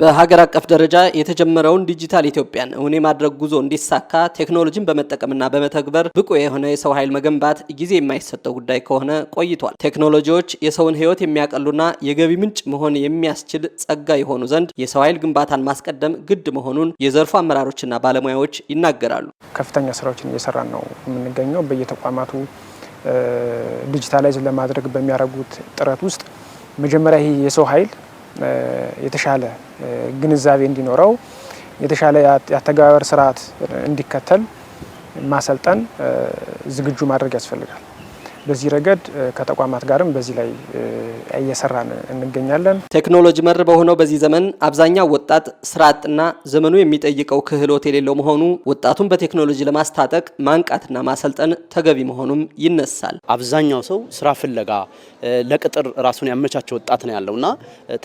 በሀገር አቀፍ ደረጃ የተጀመረውን ዲጂታል ኢትዮጵያን እውን የማድረግ ጉዞ እንዲሳካ ቴክኖሎጂን በመጠቀምና በመተግበር ብቁ የሆነ የሰው ኃይል መገንባት ጊዜ የማይሰጠው ጉዳይ ከሆነ ቆይቷል። ቴክኖሎጂዎች የሰውን ሕይወት የሚያቀሉና የገቢ ምንጭ መሆን የሚያስችል ጸጋ የሆኑ ዘንድ የሰው ኃይል ግንባታን ማስቀደም ግድ መሆኑን የዘርፉ አመራሮችና ባለሙያዎች ይናገራሉ። ከፍተኛ ስራዎችን እየሰራን ነው የምንገኘው። በየተቋማቱ ዲጂታላይዝ ለማድረግ በሚያደርጉት ጥረት ውስጥ መጀመሪያ ይህ የሰው ኃይል የተሻለ ግንዛቤ እንዲኖረው የተሻለ የአተገባበር ስርዓት እንዲከተል ማሰልጠን ዝግጁ ማድረግ ያስፈልጋል። በዚህ ረገድ ከተቋማት ጋርም በዚህ ላይ እየሰራን እንገኛለን። ቴክኖሎጂ መር በሆነው በዚህ ዘመን አብዛኛው ወጣት ስራ አጥና ዘመኑ የሚጠይቀው ክህሎት የሌለው መሆኑ ወጣቱን በቴክኖሎጂ ለማስታጠቅ ማንቃትና ማሰልጠን ተገቢ መሆኑም ይነሳል። አብዛኛው ሰው ስራ ፍለጋ ለቅጥር ራሱን ያመቻቸው ወጣት ነው እና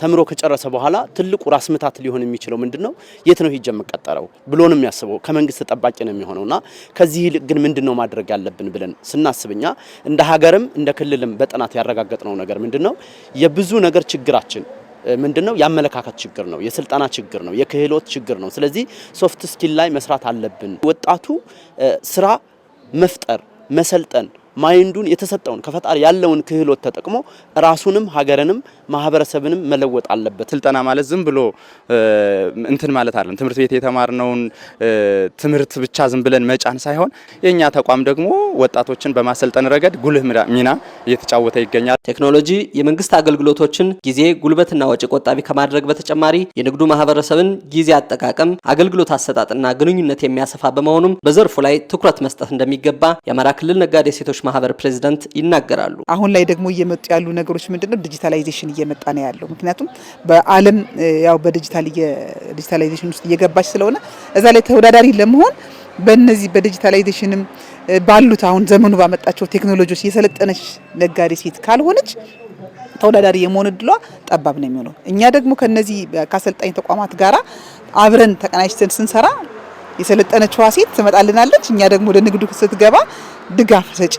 ተምሮ ከጨረሰ በኋላ ትልቁ ራስ ምታት ሊሆን የሚችለው ምንድን ነው? የት ነው ሂጄ የምቀጠረው ብሎ ነው የሚያስበው። ከመንግስት ተጠባቂ ነው እና ከዚህ ይልቅ ግን ምንድን ነው ማድረግ ያለብን ብለን ስናስብኛ እንደ ሀገርም እንደ ክልልም በጥናት ያረጋገጥነው ነገር ምንድነው? የብዙ ነገር ችግራችን ምንድነው? የአመለካከት ችግር ነው፣ የስልጠና ችግር ነው፣ የክህሎት ችግር ነው። ስለዚህ ሶፍት ስኪል ላይ መስራት አለብን። ወጣቱ ስራ መፍጠር መሰልጠን ማይንዱን የተሰጠውን ከፈጣሪ ያለውን ክህሎት ተጠቅሞ ራሱንም ሀገርንም ማህበረሰብንም መለወጥ አለበት። ስልጠና ማለት ዝም ብሎ እንትን ማለት አለም ትምህርት ቤት የተማርነውን ትምህርት ብቻ ዝም ብለን መጫን ሳይሆን የእኛ ተቋም ደግሞ ወጣቶችን በማሰልጠን ረገድ ጉልህ ሚና እየተጫወተ ይገኛል። ቴክኖሎጂ የመንግስት አገልግሎቶችን ጊዜ፣ ጉልበትና ወጪ ቆጣቢ ከማድረግ በተጨማሪ የንግዱ ማህበረሰብን ጊዜ አጠቃቀም፣ አገልግሎት አሰጣጥና ግንኙነት የሚያሰፋ በመሆኑም በዘርፉ ላይ ትኩረት መስጠት እንደሚገባ የአማራ ክልል ነጋዴ ሴቶች ማህበር ፕሬዚዳንት ይናገራሉ። አሁን ላይ ደግሞ እየመጡ ያሉ ነገሮች ምንድነው? ዲጂታላይዜሽን እየመጣ ነው ያለው። ምክንያቱም በዓለም ያው በዲጂታል ዲጂታላይዜሽን ውስጥ እየገባች ስለሆነ እዛ ላይ ተወዳዳሪ ለመሆን በእነዚህ በዲጂታላይዜሽንም ባሉት አሁን ዘመኑ ባመጣቸው ቴክኖሎጂዎች የሰለጠነች ነጋዴ ሴት ካልሆነች ተወዳዳሪ የመሆን እድሏ ጠባብ ነው የሚሆነው። እኛ ደግሞ ከነዚህ ከአሰልጣኝ ተቋማት ጋር አብረን ተቀናጅተን ስንሰራ የሰለጠነችዋ ሴት ትመጣልናለች። እኛ ደግሞ ወደ ንግዱ ስትገባ ድጋፍ ሰጪ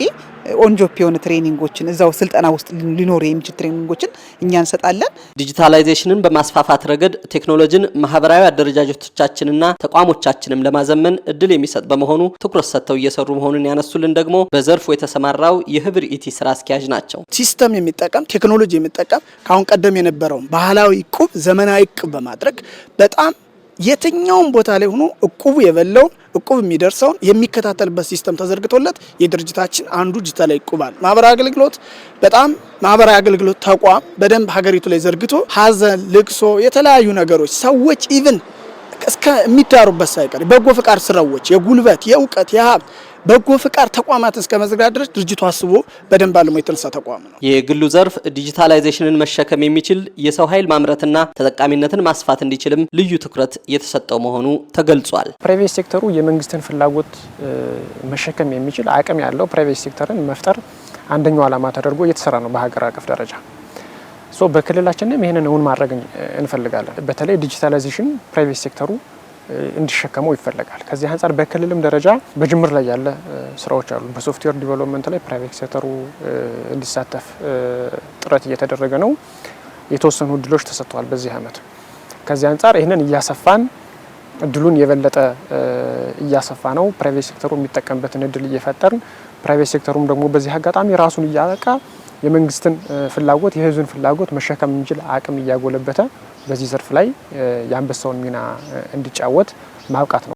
ኦንጆፕ የሆነ ትሬኒንጎችን እዛው ስልጠና ውስጥ ሊኖሩ የሚችል ትሬኒንጎችን እኛ እንሰጣለን። ዲጂታላይዜሽንን በማስፋፋት ረገድ ቴክኖሎጂን ማህበራዊ አደረጃጀቶቻችንና ተቋሞቻችንም ለማዘመን እድል የሚሰጥ በመሆኑ ትኩረት ሰጥተው እየሰሩ መሆኑን ያነሱልን ደግሞ በዘርፉ የተሰማራው የህብር ኢቲ ስራ አስኪያጅ ናቸው። ሲስተም የሚጠቀም ቴክኖሎጂ የሚጠቀም ከአሁን ቀደም የነበረውን ባህላዊ ቁብ ዘመናዊ ቁብ በማድረግ በጣም የትኛውም ቦታ ላይ ሆኖ እቁቡ የበላውን እቁብ የሚደርሰውን የሚከታተልበት ሲስተም ተዘርግቶለት የድርጅታችን አንዱ ዲጂታላዊ እቁብ አለ። ማህበራዊ አገልግሎት በጣም ማህበራዊ አገልግሎት ተቋም በደንብ ሀገሪቱ ላይ ዘርግቶ ሀዘን፣ ልቅሶ፣ የተለያዩ ነገሮች ሰዎች ኢቭን እስከ የሚዳሩበት ሳይቀር በጎ ፍቃድ ስራዎች የጉልበት፣ የእውቀት፣ የሀብት በጎ ፍቃድ ተቋማት እስከ መዝጋት ድረስ ድርጅቱ አስቦ በደንብ አልሞ የተነሳ ተቋም ነው። የግሉ ዘርፍ ዲጂታላይዜሽንን መሸከም የሚችል የሰው ኃይል ማምረትና ተጠቃሚነትን ማስፋት እንዲችልም ልዩ ትኩረት የተሰጠው መሆኑ ተገልጿል። ፕራይቬት ሴክተሩ የመንግስትን ፍላጎት መሸከም የሚችል አቅም ያለው ፕራይቬት ሴክተርን መፍጠር አንደኛው ዓላማ ተደርጎ እየተሰራ ነው በሀገር አቀፍ ደረጃ። ሶ በክልላችንም ይህንን እውን ማድረግ እንፈልጋለን። በተለይ ዲጂታላይዜሽን ፕራይቬት ሴክተሩ እንዲሸከመው ይፈለጋል። ከዚህ አንጻር በክልልም ደረጃ በጅምር ላይ ያለ ስራዎች አሉ። በሶፍትዌር ዲቨሎፕመንት ላይ ፕራይቬት ሴክተሩ እንዲሳተፍ ጥረት እየተደረገ ነው። የተወሰኑ እድሎች ተሰጥተዋል በዚህ አመት። ከዚህ አንጻር ይህንን እያሰፋን እድሉን የበለጠ እያሰፋ ነው። ፕራይቬት ሴክተሩ የሚጠቀምበትን እድል እየፈጠርን ፕራይቬት ሴክተሩም ደግሞ በዚህ አጋጣሚ ራሱን እያበቃ የመንግስትን ፍላጎት የህዝብን ፍላጎት መሸከም የሚችል አቅም እያጎለበተ በዚህ ዘርፍ ላይ የአንበሳውን ሚና እንዲጫወት ማብቃት ነው።